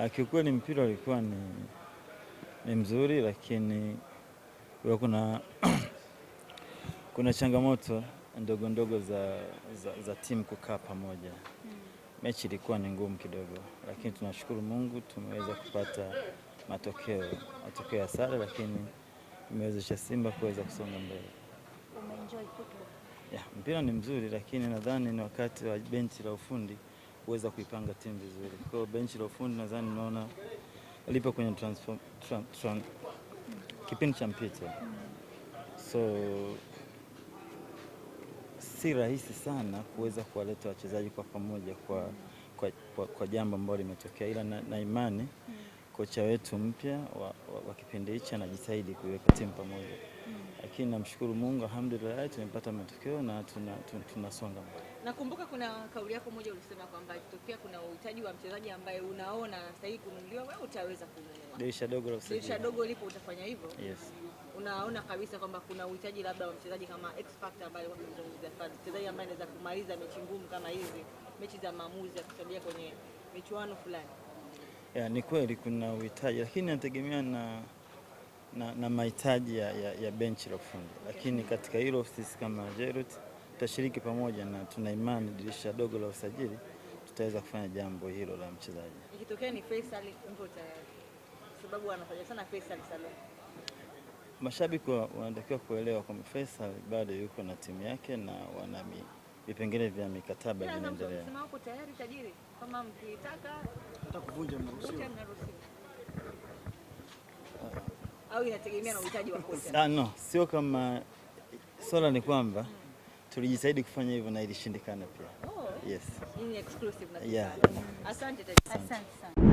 Ah, kiukweli mpira ulikuwa ni, ni mzuri, lakini kuna, kuna changamoto ndogo ndogo za, za, za timu kukaa pamoja mm. Mechi ilikuwa ni ngumu kidogo, lakini tunashukuru Mungu tumeweza kupata matokeo matokeo ya sare, lakini imewezesha Simba kuweza kusonga mbele. Umeenjoy football? Yeah, mpira ni mzuri, lakini nadhani ni wakati wa benchi la ufundi kuweza kuipanga timu vizuri. Kwa benchi la ufundi nadhani naona lipo kwenye transform, tran, tran, kipindi cha mpito, so si rahisi sana kuweza kuwaleta wachezaji kwa pamoja kwa, kwa, kwa, kwa jambo ambalo limetokea, ila na, na imani kocha wetu mpya wa, wa, wa kipindi hichi anajitahidi kuiweka timu pamoja, hmm. lakini namshukuru Mungu, alhamdulillah tumepata matokeo na tunasonga mbele. Nakumbuka kuna kauli yako moja ulisema kwamba ikitokea kuna uhitaji wa mchezaji ambaye unaona sahihi kununuliwa, wewe utaweza kununua. Dirisha dogo la usajili, dirisha dogo lipo, utafanya hivyo? Yes. Unaona kabisa kwamba kuna uhitaji labda wa mchezaji kama X factor ambaye unazungumzia mchezaji ambaye anaweza kumaliza mechi ngumu kama hizi, mechi za maamuzi ya kusaidia kwenye michuano fulani ya, ni kweli kuna uhitaji lakini nategemea na, na, na mahitaji ya, ya, ya benchi la ufundi, lakini katika hilo sisi kama Jerut tutashiriki pamoja na tuna imani dirisha dogo la usajili tutaweza kufanya jambo hilo la mchezaji. Ikitokea ni Faisal mpo tayari, sababu anafanya sana Faisal Salum. Mashabiki wanatakiwa kuelewa kwamba Faisal bado yuko na timu yake na wanami vipengele vya mikataba vinaendelea. Ah, no, sio kama swala ni kwamba hmm. Tulijitahidi kufanya hivyo na ilishindikana pia. Oh, yes. Ni exclusive na yeah. Asante. Asante sana.